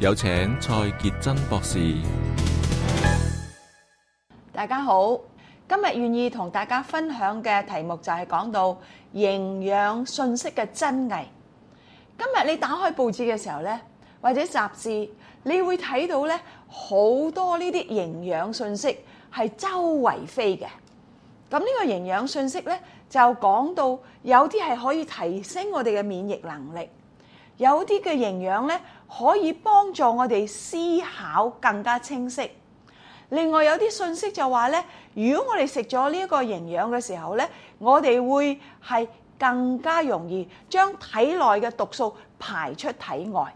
有請蔡潔珍博士。大家好，今日願意同大家分享嘅題目就係講到營養信息嘅真偽。今日你打開報紙嘅時候呢，或者雜誌，你會睇到呢好多呢啲營養信息係周圍飛嘅。咁、這、呢個營養信息呢，就講到有啲係可以提升我哋嘅免疫能力，有啲嘅營養呢。可以幫助我哋思考更加清晰。另外有啲信息就話咧，如果我哋食咗呢一個營養嘅時候咧，我哋會係更加容易將體內嘅毒素排出體外。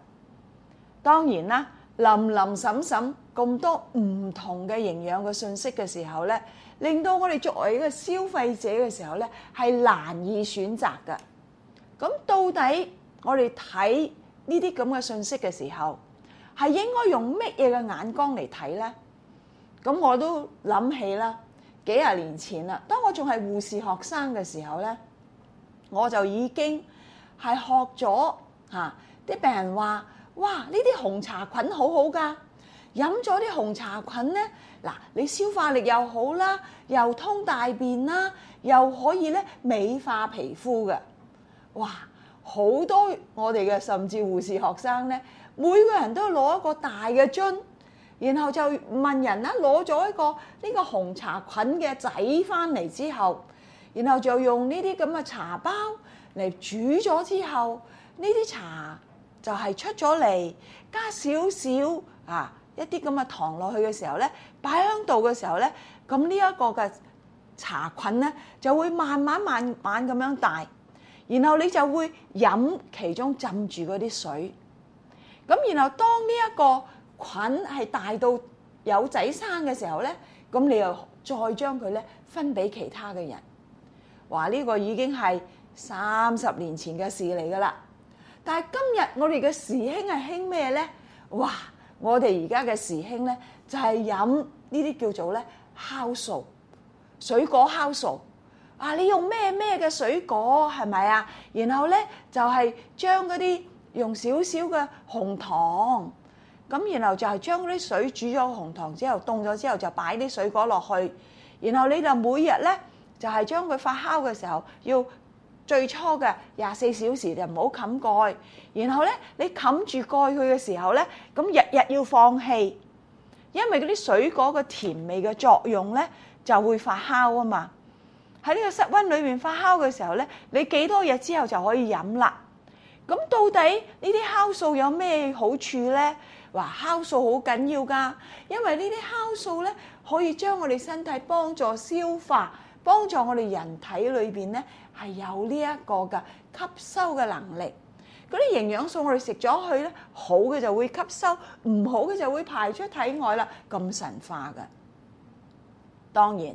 當然啦，林林沈沈咁多唔同嘅營養嘅信息嘅時候咧，令到我哋作為一個消費者嘅時候咧，係難以選擇㗎。咁到底我哋睇呢啲咁嘅信息嘅時候，係應該用乜嘢嘅眼光嚟睇呢？咁我都諗起啦，幾廿年前啦，當我仲係護士學生嘅時候咧，我就已經係學咗吓啲病人話：哇！呢啲紅茶菌好好㗎，飲咗啲紅茶菌咧，嗱，你消化力又好啦，又通大便啦，又可以咧美化皮膚嘅，哇！好多我哋嘅甚至護士學生呢，每個人都攞一個大嘅樽，然後就問人啦，攞咗一個呢個紅茶菌嘅仔翻嚟之後，然後就用呢啲咁嘅茶包嚟煮咗之後，呢啲茶就係出咗嚟，加少少啊一啲咁嘅糖落去嘅時候呢，擺喺度嘅時候呢，咁呢一個嘅茶菌呢，就會慢慢慢慢咁樣大。然後你就會飲其中浸住嗰啲水，咁然後當呢一個菌係大到有仔生嘅時候咧，咁你又再將佢咧分俾其他嘅人。話呢個已經係三十年前嘅事嚟噶啦，但係今日我哋嘅時興係興咩咧？哇！我哋而家嘅時興咧就係飲呢啲叫做咧酵素水果酵素。啊！你用咩咩嘅水果係咪啊？然後咧就係將嗰啲用少少嘅紅糖咁，然後就係將嗰啲水煮咗紅糖之後凍咗之後，就擺啲水果落去。然後你就每日咧就係將佢發酵嘅時候，要最初嘅廿四小時就唔好冚蓋蓋。然後咧你冚住蓋佢嘅時候咧，咁日日要放氣，因為嗰啲水果嘅甜味嘅作用咧就會發酵啊嘛。喺呢個室溫裏邊發酵嘅時候咧，你幾多日之後就可以飲啦。咁到底呢啲酵素有咩好處咧？話酵素好緊要㗎，因為呢啲酵素咧可以將我哋身體幫助消化，幫助我哋人體裏邊咧係有呢一個嘅吸收嘅能力。嗰啲營養素我哋食咗去咧，好嘅就會吸收，唔好嘅就會排出體外啦。咁神化㗎，當然。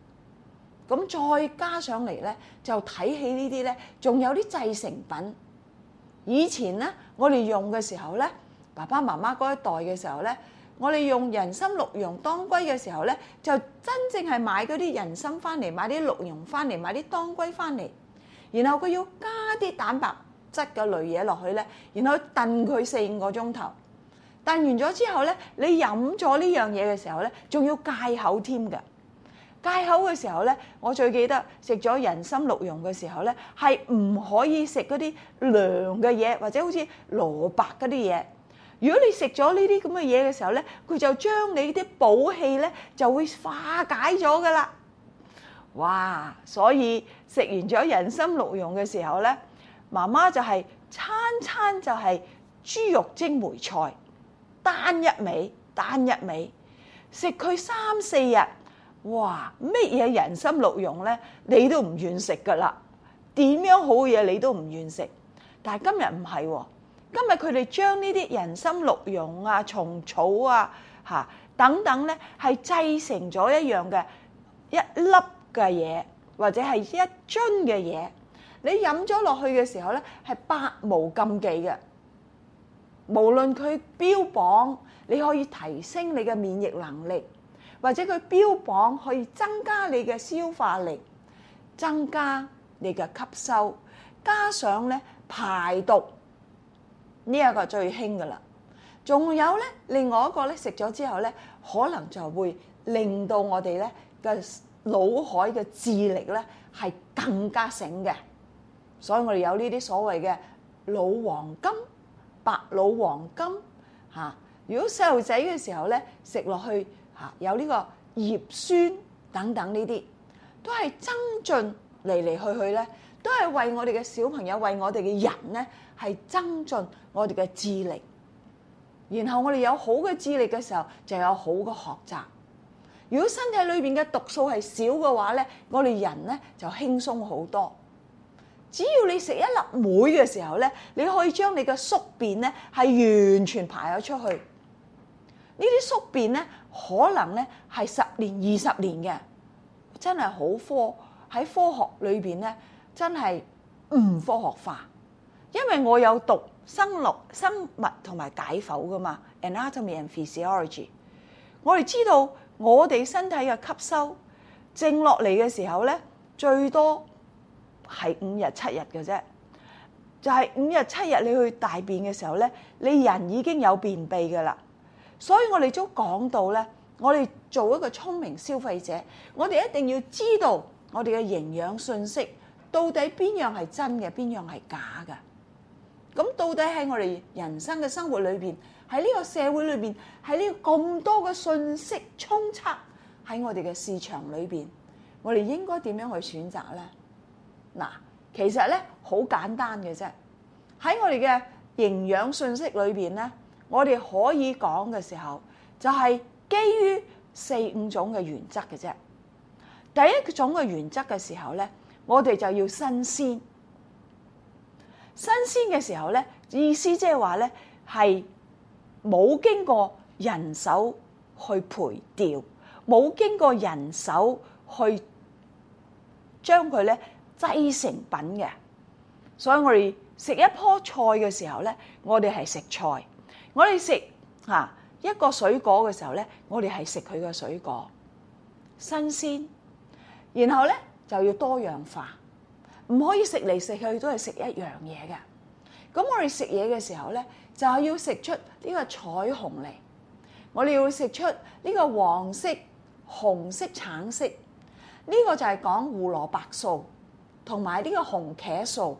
咁再加上嚟咧，就睇起呢啲咧，仲有啲製成品。以前咧，我哋用嘅時候咧，爸爸媽媽嗰一代嘅時候咧，我哋用人參、鹿茸、當歸嘅時候咧，就真正係買嗰啲人參翻嚟，買啲鹿茸翻嚟，買啲當歸翻嚟，然後佢要加啲蛋白質嘅類嘢落去咧，然後燉佢四五個鐘頭。燉完咗之後咧，你飲咗呢樣嘢嘅時候咧，仲要戒口添嘅。戒口嘅時候咧，我最記得食咗人參鹿茸嘅時候咧，係唔可以食嗰啲涼嘅嘢，或者好似蘿蔔嗰啲嘢。如果你食咗呢啲咁嘅嘢嘅時候咧，佢就將你啲補氣咧就會化解咗噶啦。哇！所以食完咗人參鹿茸嘅時候咧，媽媽就係餐餐就係豬肉蒸梅菜，單一味，單一味，食佢三四日。哇！乜嘢人參鹿茸咧？你都唔願食噶啦！點樣好嘢你都唔願食，但係今日唔係喎。今日佢哋將呢啲人參鹿茸啊、蟲草啊、嚇等等咧，係製成咗一樣嘅一粒嘅嘢，或者係一樽嘅嘢。你飲咗落去嘅時候咧，係百無禁忌嘅。無論佢標榜你可以提升你嘅免疫能力，或者佢標榜可以增加你嘅消化力，增加你嘅吸收，加上咧排毒呢一個最興嘅㗎啦。仲有咧，另外一個咧，食咗之後咧，可能就會令到我哋咧嘅腦海嘅智力咧係更加醒嘅。所以我哋有呢啲所謂嘅腦黃金、白腦黃金嚇。如果細路仔嘅時候咧，食落去。有呢個葉酸等等呢啲，都係增進，嚟嚟去去咧，都係為我哋嘅小朋友，為我哋嘅人咧，係增進我哋嘅智力。然後我哋有好嘅智力嘅時候，就有好嘅學習。如果身體裏邊嘅毒素係少嘅話咧，我哋人咧就輕鬆好多。只要你食一粒梅嘅時候咧，你可以將你嘅宿便咧係完全排咗出去。呢啲宿便咧。可能咧係十年二十年嘅，真係好科喺科學裏邊咧，真係唔科學化，因為我有讀生物生物同埋解剖噶嘛，anatomy and physiology。我哋知道我哋身體嘅吸收靜落嚟嘅時候咧，最多係五日七日嘅啫。就係五日七日，你去大便嘅時候咧，你人已經有便秘㗎啦。所以我哋都講到咧，我哋做一個聰明消費者，我哋一定要知道我哋嘅營養信息到底邊樣係真嘅，邊樣係假嘅。咁到底喺我哋人生嘅生活裏邊，喺呢個社會裏邊，喺呢咁多嘅信息沖測喺我哋嘅市場裏邊，我哋應該點樣去選擇呢？嗱，其實呢，好簡單嘅啫，喺我哋嘅營養信息裏邊呢。我哋可以講嘅時候，就係、是、基於四五種嘅原則嘅啫。第一種嘅原則嘅時候咧，我哋就要新鮮。新鮮嘅時候咧，意思即係話咧係冇經過人手去培調，冇經過人手去將佢咧製成品嘅。所以我哋食一樖菜嘅時候咧，我哋係食菜。我哋食吓一個水果嘅時候咧，我哋係食佢嘅水果新鮮，然後咧就要多樣化，唔可以食嚟食去都係食一樣嘢嘅。咁我哋食嘢嘅時候咧，就係要食出呢個彩虹嚟。我哋要食出呢個黃色、紅色、橙色，呢個就係講胡蘿蔔素同埋呢個紅茄素。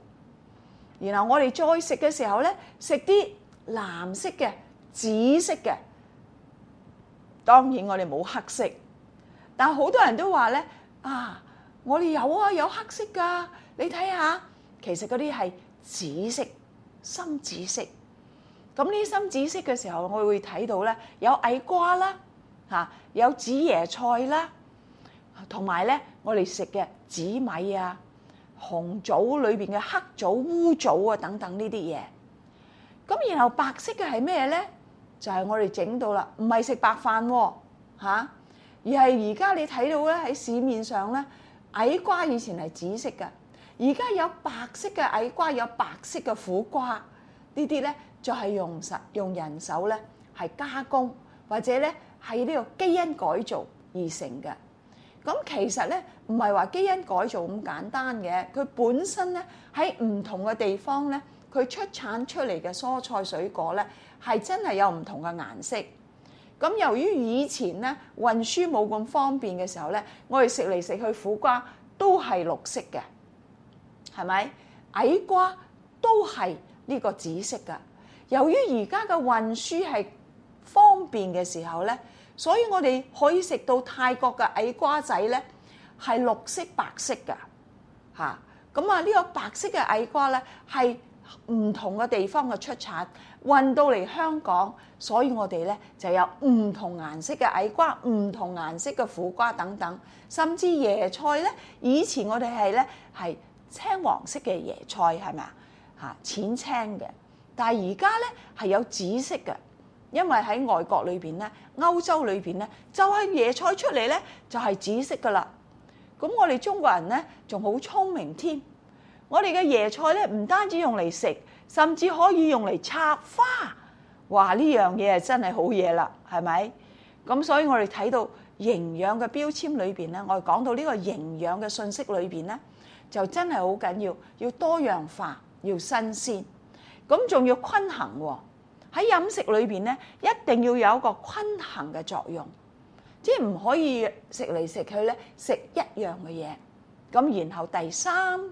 然後我哋再食嘅時候咧，食啲。藍色嘅、紫色嘅，當然我哋冇黑色，但好多人都話咧：啊，我哋有啊，有黑色㗎！你睇下，其實嗰啲係紫色、深紫色。咁呢深紫色嘅時候，我會睇到咧有矮瓜啦，嚇、啊、有紫椰菜啦，同埋咧我哋食嘅紫米啊、紅棗裏邊嘅黑棗、烏棗啊等等呢啲嘢。咁然後白色嘅係咩咧？就係我哋整到啦，唔係食白飯喎嚇，而係而家你睇到咧喺市面上咧，矮瓜以前係紫色嘅，而家有白色嘅矮瓜，有白色嘅苦瓜，呢啲咧就係用實用人手咧係加工或者咧係呢個基因改造而成嘅。咁其實咧唔係話基因改造咁簡單嘅，佢本身咧喺唔同嘅地方咧。佢出產出嚟嘅蔬菜水果咧，係真係有唔同嘅顏色。咁由於以前咧，運輸冇咁方便嘅時候咧，我哋食嚟食去苦瓜都係綠色嘅，係咪？矮瓜都係呢個紫色㗎。由於而家嘅運輸係方便嘅時候咧，所以我哋可以食到泰國嘅矮瓜仔咧，係綠色白色㗎，嚇、啊。咁啊呢個白色嘅矮瓜咧係。唔同嘅地方嘅出產，運到嚟香港，所以我哋咧就有唔同顏色嘅矮瓜、唔同顏色嘅苦瓜等等，甚至椰菜咧，以前我哋係咧係青黃色嘅椰菜係咪啊？嚇，淺青嘅，但係而家咧係有紫色嘅，因為喺外國裏邊咧，歐洲裏邊咧就係椰菜出嚟咧就係紫色㗎啦。咁我哋中國人咧仲好聰明添。我哋嘅椰菜咧，唔單止用嚟食，甚至可以用嚟插花。哇！呢樣嘢係真係好嘢啦，係咪？咁所以我哋睇到營養嘅標籤裏邊咧，我哋講到呢個營養嘅信息裏邊咧，就真係好緊要，要多樣化，要新鮮，咁仲要均衡喎。喺飲食裏邊咧，一定要有一個均衡嘅作用，即係唔可以食嚟食去咧，食一樣嘅嘢。咁然後第三。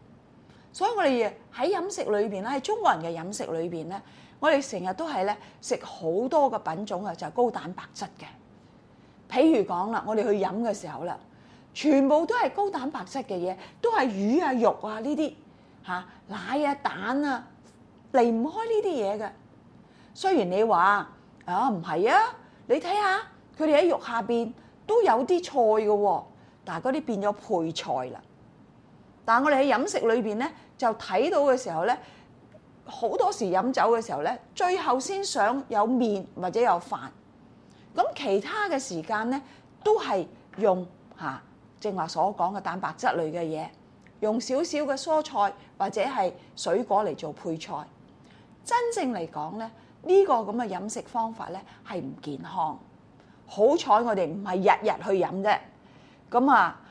所以我哋喺飲食裏邊啦，喺中國人嘅飲食裏邊咧，我哋成日都係咧食好多嘅品種啊，就係高蛋白質嘅。譬如講啦，我哋去飲嘅時候啦，全部都係高蛋白質嘅嘢，都係魚啊、肉啊呢啲嚇、奶啊、蛋啊，離唔開呢啲嘢嘅。雖然你話啊唔係啊，你睇下佢哋喺肉下邊都有啲菜嘅，但係嗰啲變咗配菜啦。但係我哋喺飲食裏邊咧，就睇到嘅時候咧，好多時飲酒嘅時候咧，最後先想有麵或者有飯。咁其他嘅時間咧，都係用嚇、啊，正話所講嘅蛋白質類嘅嘢，用少少嘅蔬菜或者係水果嚟做配菜。真正嚟講咧，呢、呢個咁嘅飲食方法咧係唔健康。好彩我哋唔係日日去飲啫。咁啊～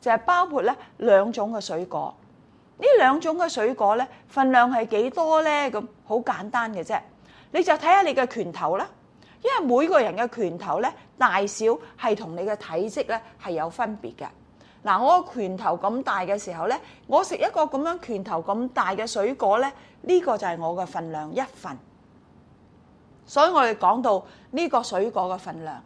就係包括咧兩種嘅水果，呢兩種嘅水果咧份量係幾多咧？咁好簡單嘅啫，你就睇下你嘅拳頭啦，因為每個人嘅拳頭咧大小係同你嘅體積咧係有分別嘅。嗱，我個拳頭咁大嘅時候咧，我食一個咁樣拳頭咁大嘅水果咧，呢個就係我嘅份量一份。所以我哋講到呢個水果嘅份量。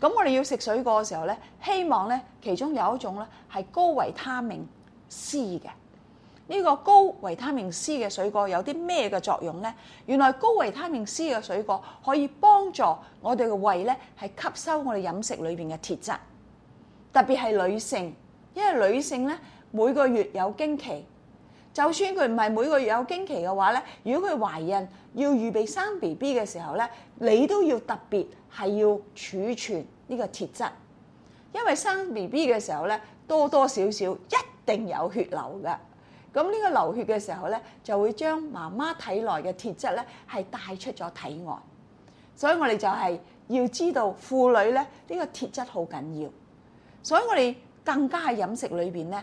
咁我哋要食水果嘅時候咧，希望咧其中有一種咧係高維他命 C 嘅。呢個高維他命 C 嘅水果有啲咩嘅作用呢？原來高維他命 C 嘅水果可以幫助我哋嘅胃咧係吸收我哋飲食裏邊嘅鐵質，特別係女性，因為女性咧每個月有經期。就算佢唔係每個月有經期嘅話咧，如果佢懷孕要預備生 BB 嘅時候咧，你都要特別係要儲存呢個鐵質，因為生 BB 嘅時候咧，多多少少一定有血流㗎，咁呢個流血嘅時候咧就會將媽媽體內嘅鐵質咧係帶出咗體外，所以我哋就係要知道婦女咧呢個鐵質好緊要，所以我哋更加喺飲食裏邊咧。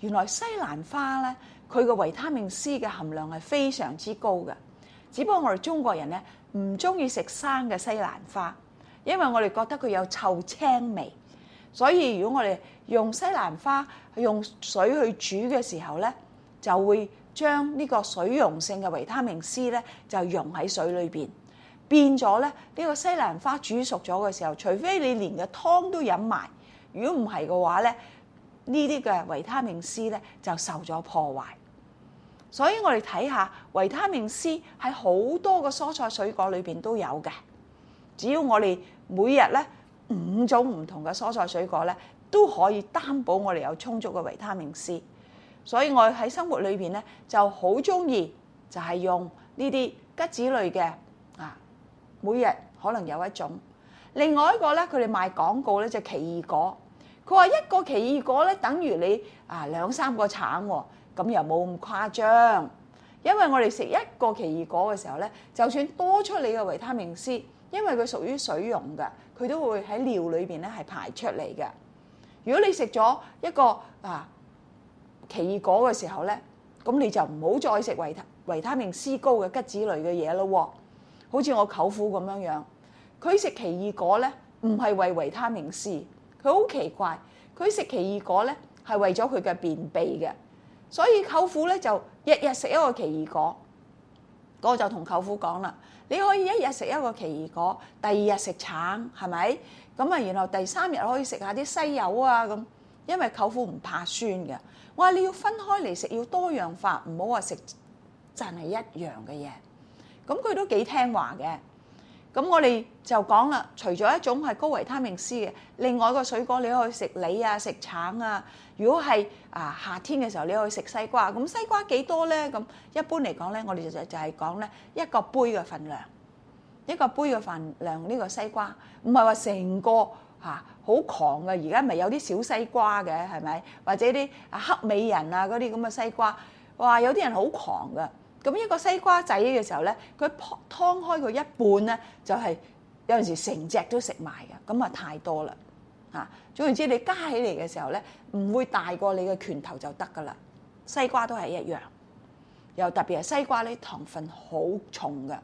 原來西蘭花咧，佢嘅維他命 C 嘅含量係非常之高嘅。只不過我哋中國人咧，唔中意食生嘅西蘭花，因為我哋覺得佢有臭青味。所以如果我哋用西蘭花用水去煮嘅時候咧，就會將呢個水溶性嘅維他命 C 咧就溶喺水裏邊，變咗咧呢個西蘭花煮熟咗嘅時候，除非你連個湯都飲埋，如果唔係嘅話咧。呢啲嘅維他命 C 咧就受咗破壞，所以我哋睇下維他命 C 喺好多個蔬菜水果裏邊都有嘅。只要我哋每日咧五種唔同嘅蔬菜水果咧都可以擔保我哋有充足嘅維他命 C，所以我喺生活裏邊咧就好中意就係用呢啲桔子類嘅啊，每日可能有一種，另外一個咧佢哋賣廣告咧就奇異果。佢話一個奇異果咧，等於你啊兩三個橙喎，啊，咁又冇咁誇張。因為我哋食一個奇異果嘅時候咧，就算多出你嘅維他命 C，因為佢屬於水溶嘅，佢都會喺尿裏邊咧係排出嚟嘅。如果你食咗一個啊奇異果嘅時候咧，咁你就唔好再食維他維他命 C 高嘅桔子類嘅嘢咯。好似我舅父咁樣樣，佢食奇異果咧，唔係為維他命 C。佢好奇怪，佢食奇異果咧係為咗佢嘅便秘嘅，所以舅父咧就日日食一個奇異果。我就同舅父講啦，你可以一日食一個奇異果，第二日食橙，係咪？咁啊，然後第三日可以食下啲西柚啊咁，因為舅父唔怕酸嘅。我話你要分開嚟食，要多樣化，唔好話食真係一樣嘅嘢。咁佢都幾聽話嘅。咁我哋就講啦，除咗一種係高維他命 C 嘅，另外一個水果你可以食梨啊、食橙啊。如果係啊夏天嘅時候，你可以食西瓜。咁西瓜幾多咧？咁一般嚟講咧，我哋就就係講咧一個杯嘅份量，一個杯嘅份量呢個西瓜，唔係話成個嚇好、啊、狂嘅。而家咪有啲小西瓜嘅係咪？或者啲黑美人啊嗰啲咁嘅西瓜，哇！有啲人好狂嘅。咁一個西瓜仔嘅時候咧，佢剖湯開佢一半咧，就係有陣時成隻都食埋嘅，咁啊太多啦嚇。總言之，你加起嚟嘅時候咧，唔會大過你嘅拳頭就得㗎啦。西瓜都係一樣，又特別係西瓜咧，糖分好重㗎。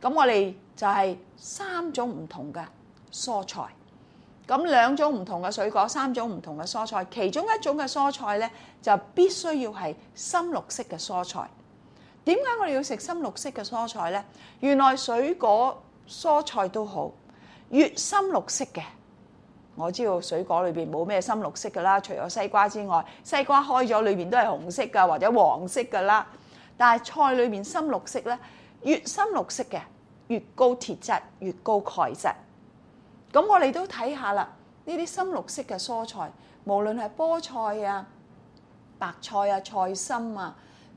咁我哋就係三種唔同嘅蔬菜，咁兩種唔同嘅水果，三種唔同嘅蔬菜，其中一種嘅蔬菜咧就必須要係深綠色嘅蔬菜。點解我哋要食深綠色嘅蔬菜呢？原來水果、蔬菜都好，越深綠色嘅。我知道水果裏邊冇咩深綠色噶啦，除咗西瓜之外，西瓜開咗裏面都係紅色噶，或者黃色噶啦。但係菜裏面深綠色呢，越深綠色嘅，越高鐵質，越高鈣質。咁我哋都睇下啦，呢啲深綠色嘅蔬菜，無論係菠菜呀、啊、白菜呀、啊、菜心啊。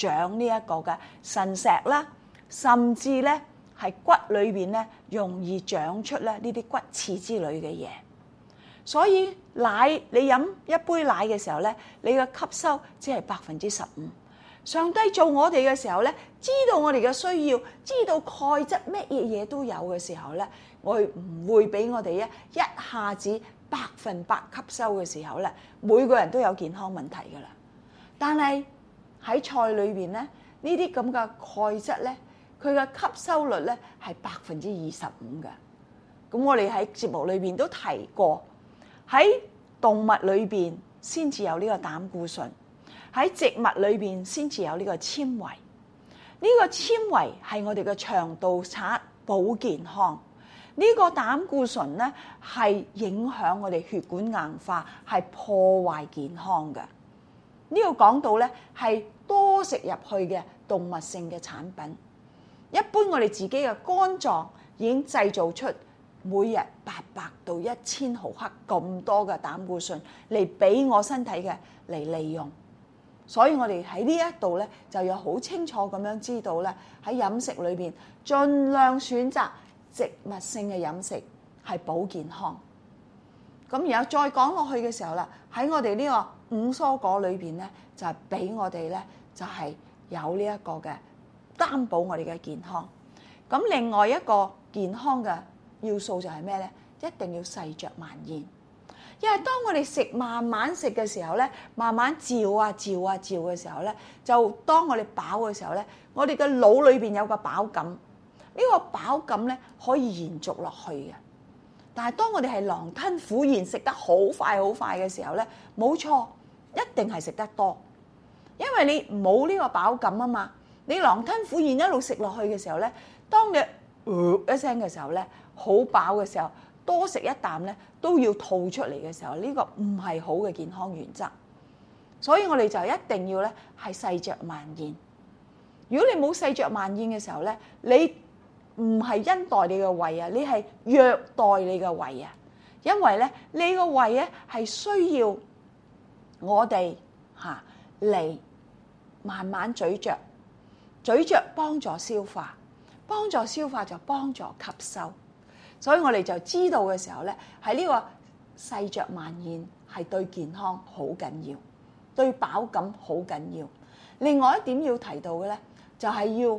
長呢一個嘅腎石啦，甚至咧係骨裏邊咧容易長出咧呢啲骨刺之類嘅嘢，所以奶你飲一杯奶嘅時候咧，你嘅吸收只係百分之十五。上帝做我哋嘅時候咧，知道我哋嘅需要，知道鈣質乜嘢嘢都有嘅時候咧，我唔會俾我哋咧一下子百分百吸收嘅時候咧，每個人都有健康問題噶啦。但係。喺菜裏邊咧，呢啲咁嘅鈣質咧，佢嘅吸收率咧係百分之二十五嘅。咁我哋喺節目裏邊都提過，喺動物裏邊先至有呢個膽固醇，喺植物裏邊先至有呢個纖維。呢個纖維係我哋嘅腸道刷保健康，呢個膽固醇咧係影響我哋血管硬化，係破壞健康嘅。呢個講到咧係多食入去嘅動物性嘅產品，一般我哋自己嘅肝臟已經製造出每日八百到一千毫克咁多嘅膽固醇嚟俾我身體嘅嚟利用，所以我哋喺呢一度咧就有好清楚咁樣知道咧喺飲食裏邊盡量選擇植物性嘅飲食係保健康。咁然後再講落去嘅時候啦，喺我哋呢個五蔬果裏邊咧，就係俾我哋咧，就係有呢一個嘅擔保我哋嘅健康。咁另外一個健康嘅要素就係咩咧？一定要細嚼慢咽。因為當我哋食慢慢食嘅時候咧，慢慢嚼啊嚼啊嚼嘅時候咧，就當我哋飽嘅時候咧，我哋嘅腦裏邊有個飽感，呢個飽感咧可以延續落去嘅。但係當我哋係狼吞虎咽食得好快好快嘅時候咧，冇錯，一定係食得多，因為你冇呢個飽感啊嘛。你狼吞虎咽一路食落去嘅時候咧，當你呃一聲嘅時候咧，好飽嘅時候，多食一啖咧都要吐出嚟嘅時候，呢個唔係好嘅健康原則。所以我哋就一定要咧係細嚼慢咽。如果你冇細嚼慢咽嘅時候咧，你唔係恩待你嘅胃啊，你係虐待你嘅胃啊！因為咧，你個胃咧係需要我哋吓嚟，慢慢咀嚼，咀嚼幫助消化，幫助消化就幫助吸收。所以我哋就知道嘅時候咧，喺呢個細嚼慢咽係對健康好緊要，對飽感好緊要。另外一點要提到嘅咧，就係要。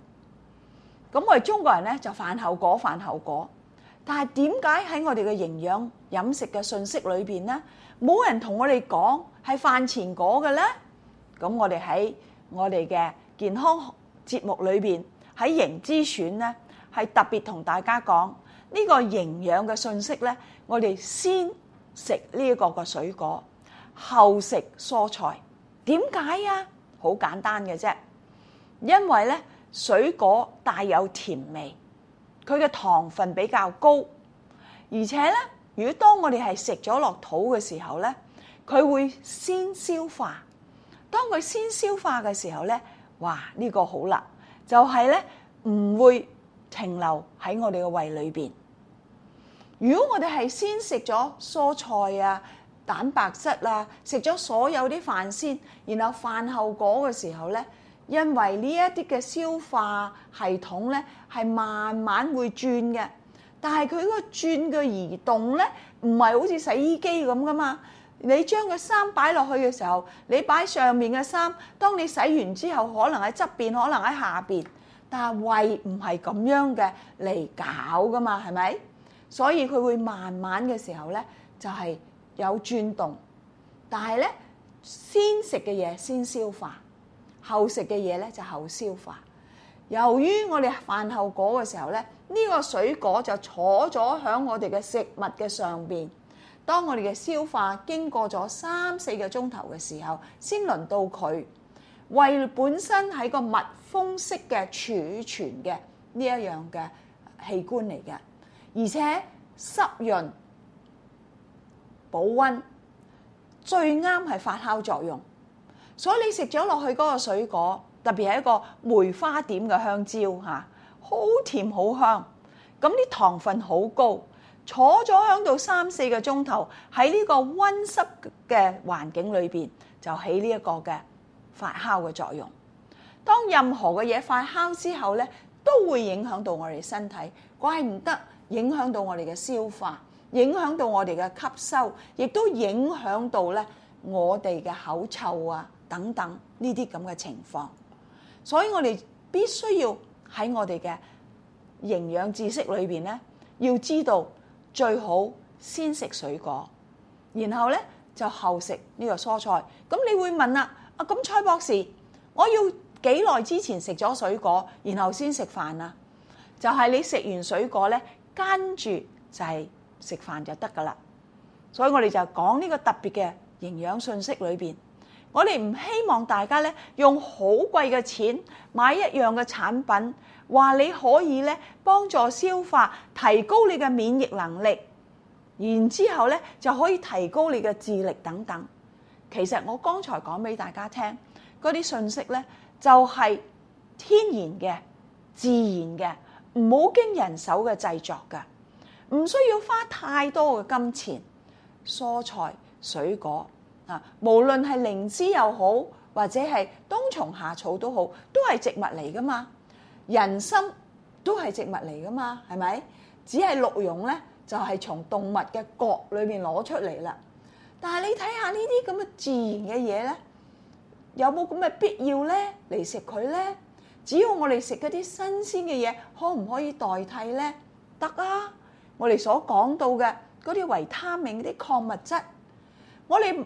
咁我哋中國人咧就飯後果飯後果，但係點解喺我哋嘅營養飲食嘅信息裏邊咧，冇人同我哋講係飯前果嘅咧？咁我哋喺我哋嘅健康節目裏邊喺營之選咧，係特別同大家講呢個營養嘅信息咧，我哋先食呢一個嘅水果，後食蔬菜。點解啊？好簡單嘅啫，因為咧。水果帶有甜味，佢嘅糖分比較高，而且呢，如果當我哋係食咗落肚嘅時候呢，佢會先消化。當佢先消化嘅時候呢，哇！呢個好啦，就係呢唔會停留喺我哋嘅胃裏邊。如果我哋係先食咗蔬菜啊、蛋白質啦、啊，食咗所有啲飯先，然後飯後果嘅時候呢。因為呢一啲嘅消化系統咧，係慢慢會轉嘅，但係佢嗰個轉嘅移動咧，唔係好似洗衣機咁噶嘛。你將個衫擺落去嘅時候，你擺上面嘅衫，當你洗完之後，可能喺側邊，可能喺下邊。但係胃唔係咁樣嘅嚟搞噶嘛，係咪？所以佢會慢慢嘅時候咧，就係有轉動，但係咧，先食嘅嘢先消化。後食嘅嘢咧就後消化。由於我哋飯後果嘅時候咧，呢個水果就坐咗喺我哋嘅食物嘅上邊。當我哋嘅消化經過咗三四個鐘頭嘅時候，先輪到佢。胃本身係個密封式嘅儲存嘅呢一樣嘅器官嚟嘅，而且濕潤、保溫，最啱係發酵作用。所以你食咗落去嗰個水果，特別係一個梅花點嘅香蕉嚇，好甜好香。咁啲糖分好高，坐咗響度三四個鐘頭，喺呢個溫室嘅環境裏邊，就起呢一個嘅發酵嘅作用。當任何嘅嘢發酵之後咧，都會影響到我哋身體，怪唔得影響到我哋嘅消化，影響到我哋嘅吸收，亦都影響到咧我哋嘅口臭啊！等等呢啲咁嘅情況，所以我哋必須要喺我哋嘅營養知識裏邊呢，要知道最好先食水果，然後呢就後食呢個蔬菜。咁你會問啦，啊，啊咁蔡博士，我要幾耐之前食咗水果，然後先食飯啊？就係、是、你食完水果呢，跟住就係食飯就得噶啦。所以我哋就講呢個特別嘅營養信息裏邊。我哋唔希望大家咧用好貴嘅錢買一樣嘅產品，話你可以咧幫助消化、提高你嘅免疫能力，然之後咧就可以提高你嘅智力等等。其實我剛才講俾大家聽嗰啲信息咧，就係天然嘅、自然嘅，唔好經人手嘅製作嘅，唔需要花太多嘅金錢，蔬菜、水果。無論係靈芝又好，或者係冬蟲夏草都好，都係植物嚟噶嘛。人參都係植物嚟噶嘛，係咪？只係鹿茸咧，就係從動物嘅角裏邊攞出嚟啦。但係你睇下呢啲咁嘅自然嘅嘢咧，有冇咁嘅必要咧嚟食佢咧？只要我哋食嗰啲新鮮嘅嘢，可唔可以代替咧？得啊！我哋所講到嘅嗰啲維他命、啲礦物質，我哋。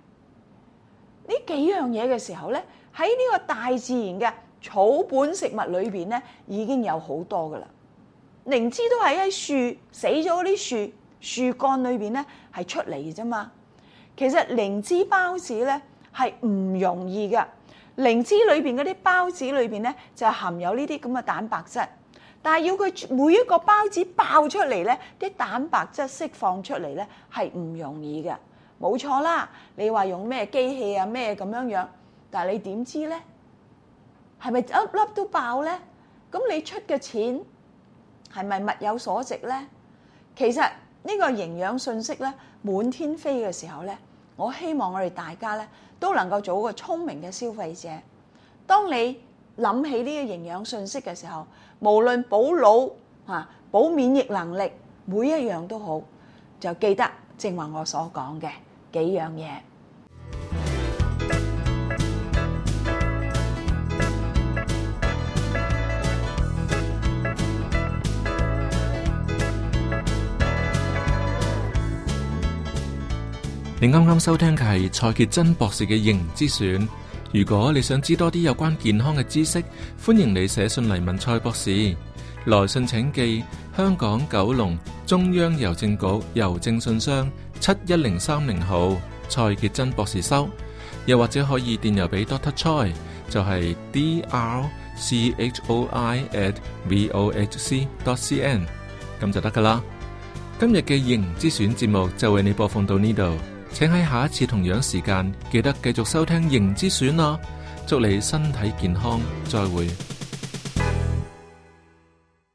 呢幾樣嘢嘅時候咧，喺呢個大自然嘅草本食物裏邊咧，已經有好多㗎喇。靈芝都係喺樹死咗啲樹樹幹裏邊咧，係出嚟嘅啫嘛。其實靈芝孢子咧係唔容易嘅。靈芝裏邊嗰啲孢子裏邊咧就含有呢啲咁嘅蛋白質，但係要佢每一個孢子爆出嚟咧，啲蛋白質釋放出嚟咧係唔容易嘅。冇錯啦，你話用咩機器啊咩咁樣樣，但係你點知呢？係咪粒粒都爆呢？咁你出嘅錢係咪物有所值呢？其實呢個營養信息咧滿天飛嘅時候呢，我希望我哋大家呢都能夠做一個聰明嘅消費者。當你諗起呢個營養信息嘅時候，無論補腦啊、補免疫能力，每一樣都好，就記得正話我所講嘅。幾樣嘢。你啱啱收聽嘅係蔡潔真博士嘅《營》之選。如果你想知多啲有關健康嘅知識，歡迎你寫信嚟問蔡博士。來信請寄香港九龍中央郵政局郵政信箱。七一零三零號蔡潔真博士收，又或者可以電郵俾 Dr. Choi，就係 d r c h o i at v o h c dot c n，咁就得噶啦。今日嘅型之選節目就為你播放到呢度，請喺下一次同樣時間記得繼續收聽型之選啦。祝你身體健康，再會。